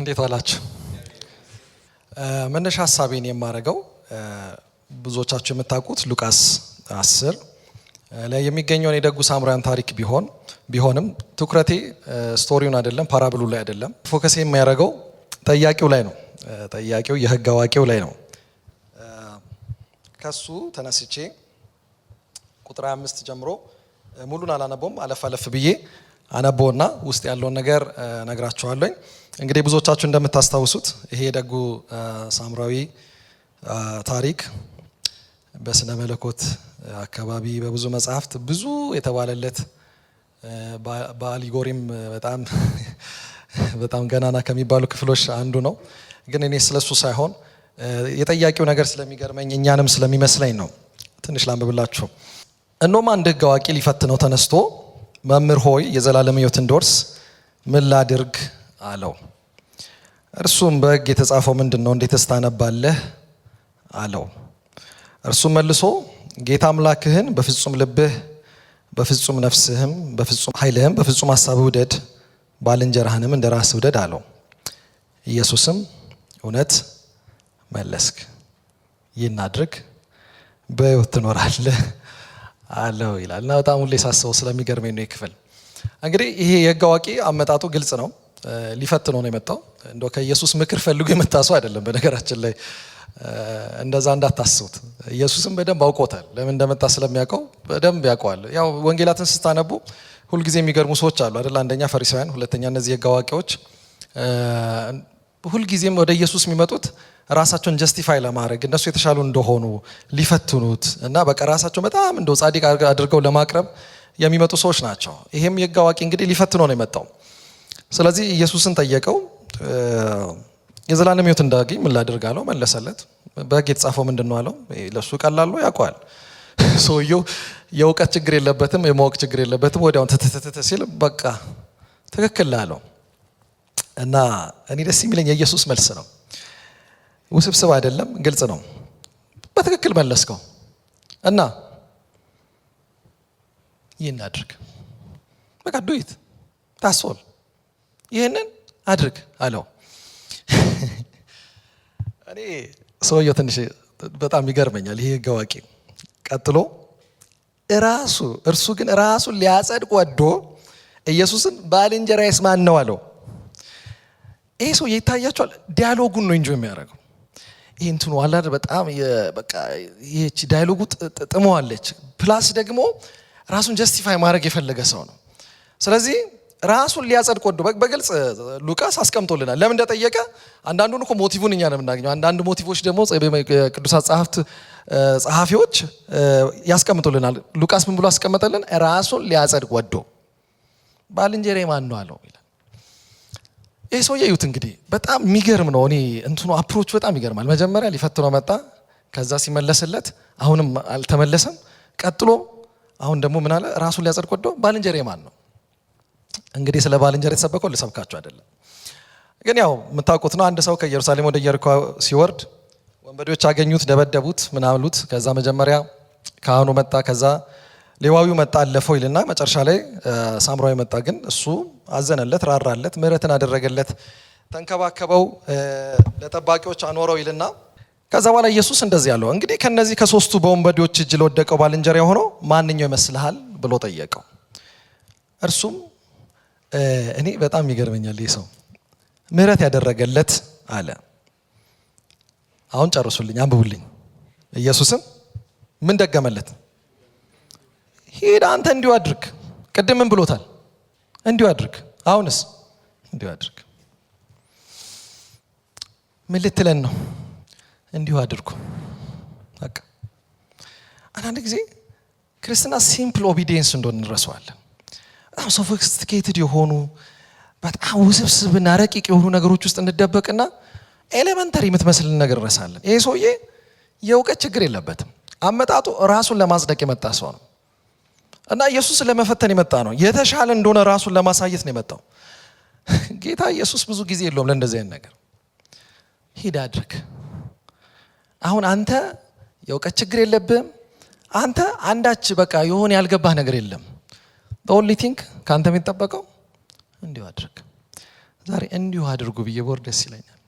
እንዴት አላችሁ? መነሻ ሀሳቤን የማደርገው ብዙዎቻችሁ የምታውቁት ሉቃስ አስር ላይ የሚገኘውን የደጉ ሳምራያን ታሪክ ቢሆን ቢሆንም ትኩረቴ ስቶሪውን አይደለም፣ ፓራብሉ ላይ አይደለም። ፎከሴ የሚያደርገው ጠያቂው ላይ ነው። ጠያቂው የህግ አዋቂው ላይ ነው። ከሱ ተነስቼ ቁጥር አምስት ጀምሮ ሙሉን አላነበውም፣ አለፍ አለፍ ብዬ አነቦና ውስጥ ያለውን ነገር ነግራችኋለኝ። እንግዲህ ብዙዎቻችሁ እንደምታስታውሱት ይሄ የደጉ ሳምራዊ ታሪክ በስነ መለኮት አካባቢ በብዙ መጽሐፍት ብዙ የተባለለት በአሊጎሪም በጣም በጣም ገናና ከሚባሉ ክፍሎች አንዱ ነው። ግን እኔ ስለሱ ሳይሆን የጠያቂው ነገር ስለሚገርመኝ እኛንም ስለሚመስለኝ ነው። ትንሽ ላንብብላችሁ። እኖም አንድ ሕግ አዋቂ ሊፈትነው ተነስቶ መምህር ሆይ የዘላለም ህይወት እንድወርስ ምን ላድርግ አለው። እርሱም በህግ የተጻፈው ምንድን ነው? እንዴት ታነባለህ አለው። እርሱ መልሶ ጌታ አምላክህን በፍጹም ልብህ፣ በፍጹም ነፍስህም፣ በፍጹም ኃይልህም፣ በፍጹም ሀሳብ ውደድ፣ ባልንጀራህንም እንደ ራስ ውደድ አለው። ኢየሱስም እውነት መለስክ፣ ይህን በህይወት ትኖራለህ አለሁ ይላል እና በጣም ሁሌ ሳስበው ስለሚገርመኝ ነው። ክፍል እንግዲህ ይሄ የህግ አዋቂ አመጣጡ ግልጽ ነው። ሊፈትኖ ነው የመጣው። እንደ ከኢየሱስ ምክር ፈልጎ የመጣ ሰው አይደለም። በነገራችን ላይ እንደዛ እንዳታስቡት። ኢየሱስም በደንብ አውቆታል። ለምን እንደመጣ ስለሚያውቀው በደንብ ያውቀዋል። ያው ወንጌላትን ስታነቡ ሁልጊዜ የሚገርሙ ሰዎች አሉ አይደል? አንደኛ ፈሪሳውያን፣ ሁለተኛ እነዚህ የህግ አዋቂዎች ሁልጊዜም ወደ ኢየሱስ የሚመጡት ራሳቸውን ጀስቲፋይ ለማድረግ እነሱ የተሻሉ እንደሆኑ ሊፈትኑት እና በቃ ራሳቸው በጣም እንደ ጻዲቅ አድርገው ለማቅረብ የሚመጡ ሰዎች ናቸው። ይሄም የሕግ አዋቂ እንግዲህ ሊፈትኖ ነው የመጣው። ስለዚህ ኢየሱስን ጠየቀው የዘላለም ህይወት እንዳገኝ ምን ላድርግ አለው። መለሰለት። በህግ የተጻፈው ምንድን ነው አለው። ለሱ ቀላሉ ያውቀዋል። ሰውየው የእውቀት ችግር የለበትም፣ የማወቅ ችግር የለበትም። ወዲያውን ትትትት ሲል በቃ ትክክል ላለው እና እኔ ደስ የሚለኝ የኢየሱስ መልስ ነው። ውስብስብ አይደለም፣ ግልጽ ነው። በትክክል መለስከው እና ይህን አድርግ በቃ ዱይት ታስል ይህንን አድርግ አለው። እኔ ሰውየው ትንሽ በጣም ይገርመኛል ይህ ሕግ አዋቂ። ቀጥሎ እራሱ እርሱ ግን ራሱን ሊያጸድቅ ወዶ ኢየሱስን ባልንጀራ ማን ነው አለው። ይሄ ሰው ይታያቸዋል። ዲያሎጉን ነው እንጆ የሚያደርገው ይህ እንትኑ አላድ በጣም በቃ ይህች ዳያሎጉ ጥመዋለች። ፕላስ ደግሞ ራሱን ጀስቲፋይ ማድረግ የፈለገ ሰው ነው። ስለዚህ ራሱን ሊያጸድቅ ወዶ በግልጽ ሉቃስ አስቀምጦልናል። ለምን እንደጠየቀ አንዳንዱን እኮ ሞቲቭን እኛ ነው የምናገኘው። አንዳንድ ሞቲቮች ደግሞ ቅዱሳት ጸሐፍት ጸሐፊዎች ያስቀምጡልናል። ሉቃስ ምን ብሎ አስቀመጠልን? ራሱን ሊያጸድቅ ወዶ ባልንጀሬ ማን ነው አለው ይላል። ይህ ሰውዬ እዩት እንግዲህ በጣም የሚገርም ነው። እኔ እንትኑ አፕሮች በጣም ይገርማል። መጀመሪያ ሊፈትነው መጣ። ከዛ ሲመለስለት አሁንም አልተመለሰም። ቀጥሎ አሁን ደግሞ ምን አለ? ራሱን ሊያጸድቅ ወዶ ባልንጀሬ ማን ነው? እንግዲህ ስለ ባልንጀሬ የተሰበከው ልሰብካችሁ አይደለም፣ ግን ያው የምታውቁት ነው። አንድ ሰው ከኢየሩሳሌም ወደ ኢየሪኮ ሲወርድ ወንበዴዎች አገኙት፣ ደበደቡት፣ ምናሉት። ከዛ መጀመሪያ ካህኑ መጣ። ከዛ ሌዋዊው መጣ አለፈው ይልና መጨረሻ ላይ ሳምራዊ መጣ። ግን እሱ አዘነለት፣ ራራለት፣ ምሕረትን አደረገለት፣ ተንከባከበው፣ ለጠባቂዎች አኖረው ይልና ከዛ በኋላ ኢየሱስ እንደዚህ ያለው እንግዲህ ከነዚህ ከሶስቱ በወንበዴዎች እጅ ለወደቀው ባልንጀራ ሆኖ ማንኛው ይመስልሃል ብሎ ጠየቀው። እርሱም እኔ በጣም ይገርመኛል ይህ ሰው ምሕረት ያደረገለት አለ። አሁን ጨርሱልኝ፣ አንብቡልኝ። ኢየሱስም ምን ደገመለት? ሂድ አንተ እንዲሁ አድርግ። ቅድምም ብሎታል እንዲሁ አድርግ፣ አሁንስ እንዲሁ አድርግ። ምን ልትለን ነው? እንዲሁ አድርጉ። አንዳንድ ጊዜ ክርስትና ሲምፕል ኦቢዲየንስ እንደሆን እንረሰዋለን። በጣም ሶፊስቲኬትድ የሆኑ በጣም ውስብስብና ረቂቅ የሆኑ ነገሮች ውስጥ እንደበቅና ኤሌመንተሪ የምትመስልን ነገር እረሳለን ይሄ ሰውዬ የእውቀት ችግር የለበትም። አመጣጡ ራሱን ለማጽደቅ የመጣ ሰው ነው። እና ኢየሱስ ለመፈተን የመጣ ነው። የተሻለ እንደሆነ ራሱን ለማሳየት ነው የመጣው። ጌታ ኢየሱስ ብዙ ጊዜ የለውም ለእንደዚህ አይነት ነገር። ሂድ አድርግ። አሁን አንተ የእውቀት ችግር የለብህም። አንተ አንዳች በቃ የሆነ ያልገባህ ነገር የለም። ኦንሊ ቲንክ ከአንተ የሚጠበቀው እንዲሁ አድርግ። ዛሬ እንዲሁ አድርጉ ብዬ ቦር ደስ ይለኛል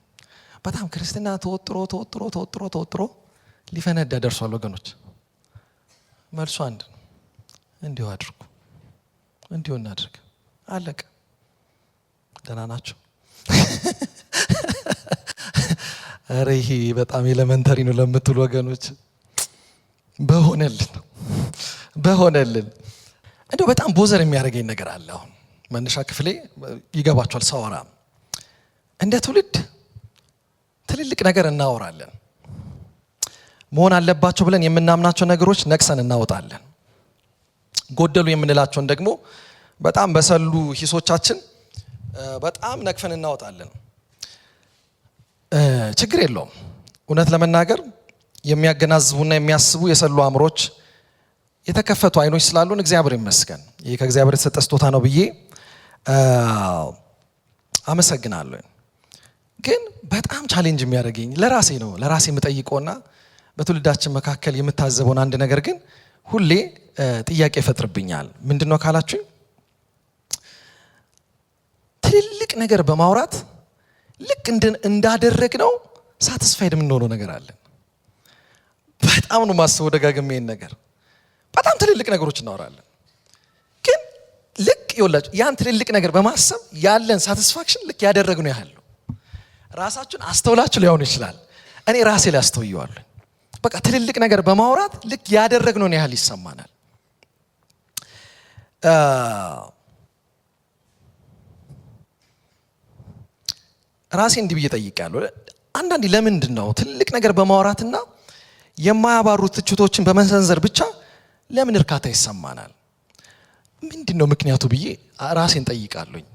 በጣም ክርስትና ተወጥሮ ተወጥሮ ተወጥሮ ተወጥሮ ሊፈነዳ ደርሷል ወገኖች። መልሱ አንድ ነው። እንዲሁ አድርጉ፣ እንዲሁ እናድርግ። አለቀ። ደህና ናቸው። ኧረ ይሄ በጣም ኤሌመንተሪ ነው ለምትሉ ወገኖች በሆነልን በሆነልን እንዲሁ በጣም ቦዘር የሚያደርገኝ ነገር አለ። አሁን መነሻ ክፍሌ ይገባቸዋል። ሰወራ እንደ ትውልድ ትልልቅ ነገር እናወራለን። መሆን አለባቸው ብለን የምናምናቸው ነገሮች ነቅሰን እናወጣለን። ጎደሉ የምንላቸውን ደግሞ በጣም በሰሉ ሂሶቻችን በጣም ነቅፈን እናወጣለን። ችግር የለውም። እውነት ለመናገር የሚያገናዝቡና የሚያስቡ የሰሉ አእምሮች፣ የተከፈቱ አይኖች ስላሉን እግዚአብሔር ይመስገን። ይህ ከእግዚአብሔር የተሰጠ ስጦታ ነው ብዬ አመሰግናለሁ። ግን በጣም ቻሌንጅ የሚያደርገኝ ለራሴ ነው፣ ለራሴ የምጠይቀውና በትውልዳችን መካከል የምታዘበውን አንድ ነገር ግን ሁሌ ጥያቄ ይፈጥርብኛል። ምንድን ነው ካላችሁ ትልልቅ ነገር በማውራት ልክ እንዳደረግ ነው ሳትስፋይድ የምንሆነው ነገር አለን። በጣም ነው ማስበው ደጋግሜ ይህን ነገር በጣም ትልልቅ ነገሮች እናወራለን። ግን ልክ ይወላችሁ ያን ትልልቅ ነገር በማሰብ ያለን ሳትስፋክሽን ልክ ያደረግነው ያህል ነው። ራሳችሁን አስተውላችሁ ሊሆን ይችላል። እኔ ራሴ ላይ በቃ ትልልቅ ነገር በማውራት ልክ ያደረግነውን ያህል ይሰማናል። ራሴ እንዲህ ብዬ ጠይቃለሁ አንዳንዴ ለምንድን ነው ትልቅ ነገር በማውራትና የማያባሩት ትችቶችን በመሰንዘር ብቻ ለምን እርካታ ይሰማናል? ምንድን ነው ምክንያቱ ብዬ ራሴን ጠይቃለኝ።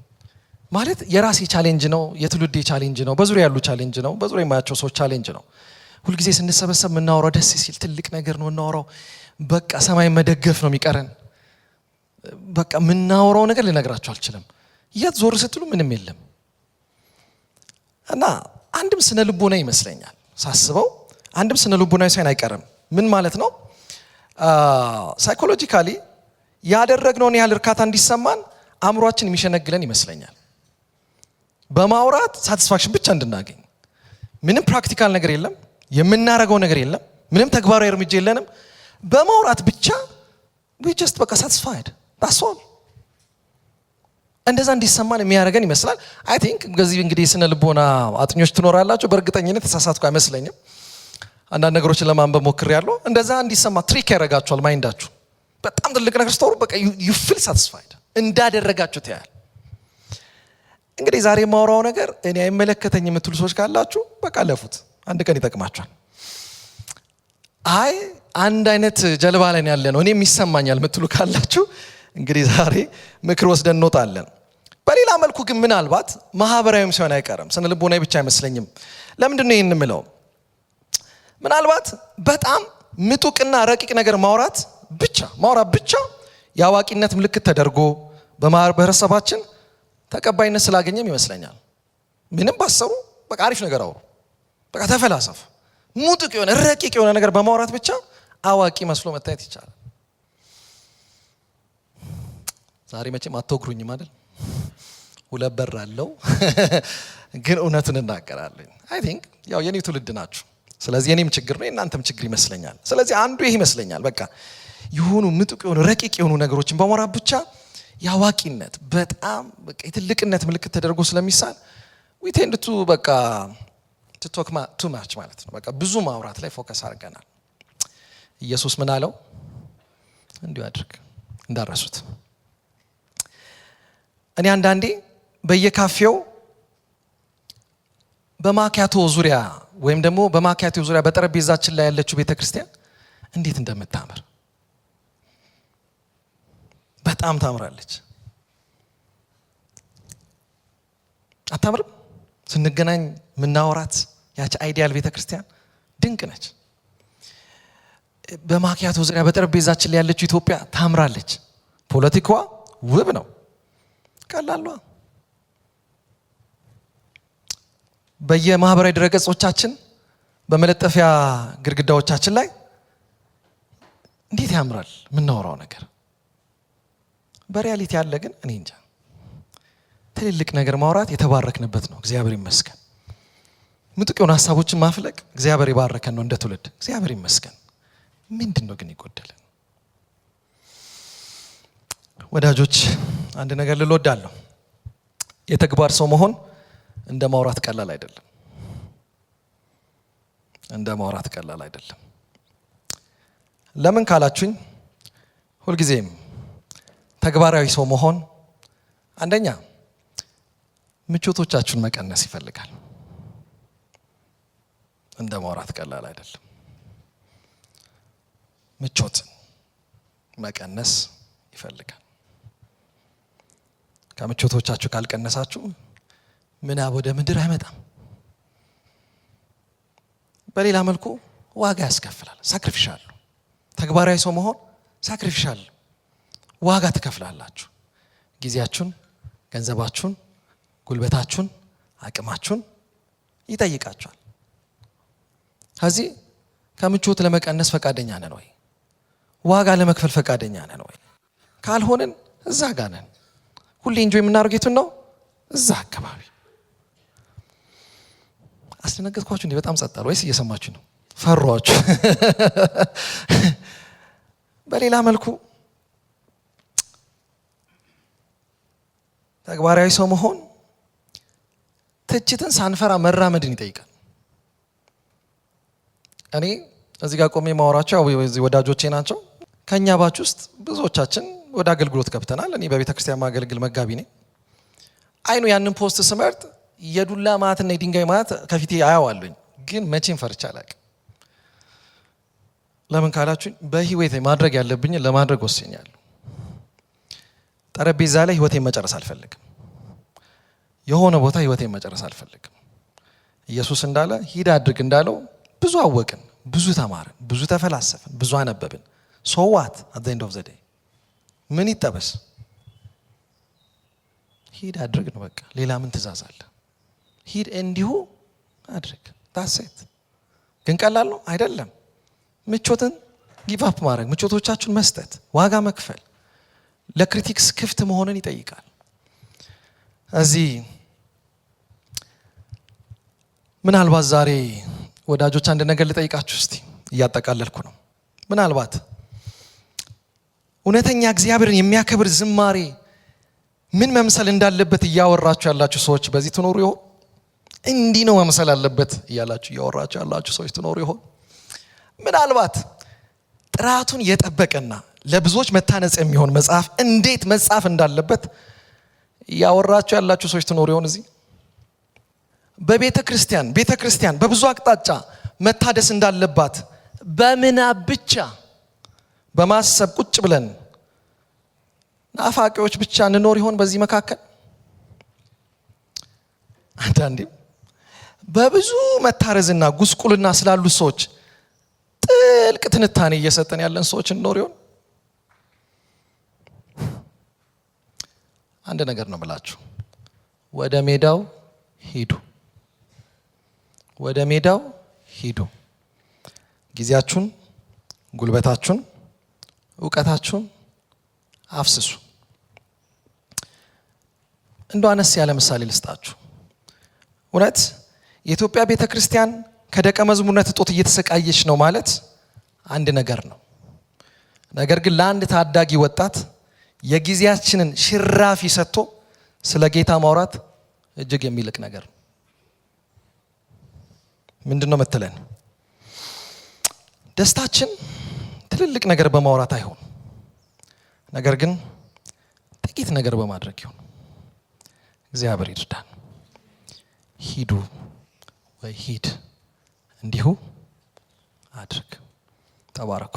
ማለት የራሴ ቻሌንጅ ነው፣ የትውልዴ ቻሌንጅ ነው፣ በዙሪያ ያሉ ቻሌንጅ ነው፣ በዙሪያ የማያቸው ሰዎች ቻሌንጅ ነው። ሁልጊዜ ስንሰበሰብ የምናወራው ደስ ሲል ትልቅ ነገር ነው የምናወራው። በቃ ሰማይ መደገፍ ነው የሚቀረን በቃ የምናወራው ነገር ልነግራቸው አልችልም። የት ዞር ስትሉ ምንም የለም እና አንድም ስነ ልቦና ይመስለኛል ሳስበው፣ አንድም ስነ ልቦና ሳይን አይቀርም። ምን ማለት ነው? ሳይኮሎጂካሊ ያደረግነውን ያህል እርካታ እንዲሰማን አእምሯችን የሚሸነግለን ይመስለኛል። በማውራት ሳቲስፋክሽን ብቻ እንድናገኝ። ምንም ፕራክቲካል ነገር የለም፣ የምናረገው ነገር የለም፣ ምንም ተግባራዊ እርምጃ የለንም። በማውራት ብቻ ጀስት በቃ ሳቲስፋይድ ዳስል እንደዛ እንዲሰማን የሚያደርገን ይመስላል። አይ ቲንክ በዚህ እንግዲህ ስነ ልቦና አጥኞች ትኖራላቸው። በእርግጠኝነት ተሳሳትኩ አይመስለኝም። አንዳንድ ነገሮችን ለማንበብ ያለው እንደዛ እንዲሰማ ትሪክ ያደርጋቸዋል ማይንዳችሁ። በጣም ትልቅ ነገር ስትወሩ በቃ ዩፍል ሳትስፋይድ እንዳደረጋችሁ ያህል። እንግዲህ ዛሬ የማወራው ነገር እኔ አይመለከተኝ የምትሉ ሰዎች ካላችሁ በቃ ለፉት፣ አንድ ቀን ይጠቅማቸዋል። አይ አንድ አይነት ጀልባ ላይ ያለ ነው እኔ የሚሰማኛል የምትሉ ካላችሁ እንግዲህ ዛሬ ምክር ወስደን እንወጣለን። በሌላ መልኩ ግን ምናልባት ማህበራዊም ሲሆን አይቀርም። ስነ ልቦና ብቻ አይመስለኝም። ለምንድን ነው ይህን ምለው? ምናልባት በጣም ምጡቅና ረቂቅ ነገር ማውራት ብቻ ማውራት ብቻ የአዋቂነት ምልክት ተደርጎ በማህበረሰባችን ተቀባይነት ስላገኘም ይመስለኛል። ምንም ባሰቡ በቃ አሪፍ ነገር አውሩ፣ በቃ ተፈላሰፍ፣ ሙጡቅ የሆነ ረቂቅ የሆነ ነገር በማውራት ብቻ አዋቂ መስሎ መታየት ይቻላል። ዛሬ መቼም አትወግሩኝም አይደል? ሁለት በር አለው፣ ግን እውነቱን እናገራለኝ አይ ቲንክ ያው የኔ ትውልድ ናችሁ። ስለዚህ የኔም ችግር ነው የእናንተም ችግር ይመስለኛል። ስለዚህ አንዱ ይህ ይመስለኛል። በቃ የሆኑ ምጡቅ የሆኑ ረቂቅ የሆኑ ነገሮችን በሞራ ብቻ የአዋቂነት በጣም የትልቅነት ምልክት ተደርጎ ስለሚሳል ዊቴንድቱ በቃ ቶክ ቱ ማች ማለት ነው። በቃ ብዙ ማውራት ላይ ፎከስ አድርገናል። ኢየሱስ ምን አለው? እንዲሁ አድርግ እንዳረሱት እኔ አንዳንዴ በየካፌው በማኪያቶ ዙሪያ ወይም ደግሞ በማኪያቶ ዙሪያ በጠረጴዛችን ላይ ያለችው ቤተ ክርስቲያን እንዴት እንደምታምር በጣም ታምራለች። አታምርም? ስንገናኝ ምናወራት ያች አይዲያል ቤተ ክርስቲያን ድንቅ ነች። በማኪያቶ ዙሪያ በጠረጴዛችን ላይ ያለችው ኢትዮጵያ ታምራለች። ፖለቲካዋ ውብ ነው። ቀላሏ በየማህበራዊ ድረገጾቻችን በመለጠፊያ ግድግዳዎቻችን ላይ እንዴት ያምራል የምናወራው ነገር። በሪያሊቲ ያለ ግን እኔ እንጃ። ትልልቅ ነገር ማውራት የተባረክንበት ነው፣ እግዚአብሔር ይመስገን። ምጡቅ የሆነ ሀሳቦችን ማፍለቅ እግዚአብሔር የባረከን ነው እንደ ትውልድ፣ እግዚአብሔር ይመስገን። ምንድን ነው ግን ይጎደለን? ወዳጆች አንድ ነገር ልልወዳለሁ የተግባር ሰው መሆን እንደ ማውራት ቀላል አይደለም፣ እንደ ማውራት ቀላል አይደለም። ለምን ካላችሁኝ ሁልጊዜም ተግባራዊ ሰው መሆን አንደኛ ምቾቶቻችሁን መቀነስ ይፈልጋል። እንደ ማውራት ቀላል አይደለም። ምቾትን መቀነስ ይፈልጋል። ከምቾቶቻችሁ ካልቀነሳችሁ ምናብ ወደ ምድር አይመጣም። በሌላ መልኩ ዋጋ ያስከፍላል። ሳክሪፊሻል ተግባራዊ ሰው መሆን ሳክሪፊሻል ዋጋ ትከፍላላችሁ። ጊዜያችሁን፣ ገንዘባችሁን፣ ጉልበታችሁን፣ አቅማችሁን ይጠይቃችኋል። ከዚህ ከምቾት ለመቀነስ ፈቃደኛ ነን ወይ? ዋጋ ለመክፈል ፈቃደኛ ነን ወይ? ካልሆንን እዛ ጋ ነን። ሁሌ እንጆ የምናደርገው የቱን ነው? እዛ አካባቢ አስደነገጥኳችሁ እንዴ? በጣም ጸጣል ወይስ እየሰማችሁ ነው? ፈሯችሁ? በሌላ መልኩ ተግባራዊ ሰው መሆን ትችትን ሳንፈራ መራመድን ይጠይቃል። እኔ እዚህ ጋር ቆሜ ማወራቸው ወዳጆቼ ናቸው። ከእኛ ባች ውስጥ ብዙዎቻችን ወደ አገልግሎት ገብተናል። እኔ በቤተ ክርስቲያን ማገልግል መጋቢ ነኝ። አይኑ ያንን ፖስት ስመርጥ የዱላ ማትና የድንጋይ ማት ከፊቴ አያዋለኝ፣ ግን መቼም ፈርቻ አላቅ። ለምን ካላችሁኝ በህይወት ማድረግ ያለብኝ ለማድረግ ወስኛለሁ። ጠረጴዛ ላይ ህይወቴን መጨረስ አልፈልግም። የሆነ ቦታ ህይወቴን መጨረስ አልፈልግም። ኢየሱስ እንዳለ ሂድ አድርግ እንዳለው ብዙ አወቅን፣ ብዙ ተማርን፣ ብዙ ተፈላሰፍን፣ ብዙ አነበብን። ሶዋት አት ዘ ኤንድ ኦፍ ዘ ዴይ ምን ይጠበስ? ሂድ አድርግ ነው በቃ። ሌላ ምን ትእዛዝ አለ? ሂድ እንዲሁ አድርግ። ታሴት ግን ቀላል ነው አይደለም። ምቾትን ጊቫፕ ማድረግ፣ ምቾቶቻችሁን መስጠት፣ ዋጋ መክፈል፣ ለክሪቲክስ ክፍት መሆንን ይጠይቃል። እዚህ ምናልባት ዛሬ ወዳጆች አንድ ነገር ልጠይቃችሁ እስቲ፣ እያጠቃለልኩ ነው ምናልባት እውነተኛ እግዚአብሔርን የሚያከብር ዝማሬ ምን መምሰል እንዳለበት እያወራችሁ ያላችሁ ሰዎች በዚህ ትኖሩ ይሆን? እንዲህ ነው መምሰል አለበት እያላችሁ እያወራችሁ ያላችሁ ሰዎች ትኖሩ ይሆን? ምናልባት ጥራቱን የጠበቀና ለብዙዎች መታነጽ የሚሆን መጽሐፍ እንዴት መጽሐፍ እንዳለበት እያወራችሁ ያላችሁ ሰዎች ትኖሩ ይሆን? እዚህ በቤተ ክርስቲያን ቤተ ክርስቲያን በብዙ አቅጣጫ መታደስ እንዳለባት በምናብ ብቻ በማሰብ ቁጭ ብለን ናፋቂዎች ብቻ እንኖር ይሆን? በዚህ መካከል አንዳንዴም በብዙ መታረዝና ጉስቁልና ስላሉ ሰዎች ጥልቅ ትንታኔ እየሰጠን ያለን ሰዎች እንኖር ይሆን? አንድ ነገር ነው ብላችሁ ወደ ሜዳው ሂዱ፣ ወደ ሜዳው ሂዱ። ጊዜያችሁን፣ ጉልበታችሁን እውቀታችሁን አፍስሱ። እንደ አነስ ያለ ምሳሌ ልስጣችሁ። እውነት የኢትዮጵያ ቤተ ክርስቲያን ከደቀ መዝሙርነት እጦት እየተሰቃየች ነው ማለት አንድ ነገር ነው። ነገር ግን ለአንድ ታዳጊ ወጣት የጊዜያችንን ሽራፊ ሰጥቶ ስለ ጌታ ማውራት እጅግ የሚልቅ ነገር ምንድን ነው መትለን ደስታችን ትልልቅ ነገር በማውራት አይሆን፣ ነገር ግን ጥቂት ነገር በማድረግ ይሁን። እግዚአብሔር ይርዳን። ሂዱ ወይ ሂድ፣ እንዲሁ አድርግ። ተባረኩ።